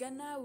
gannaaw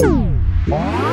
Thank you.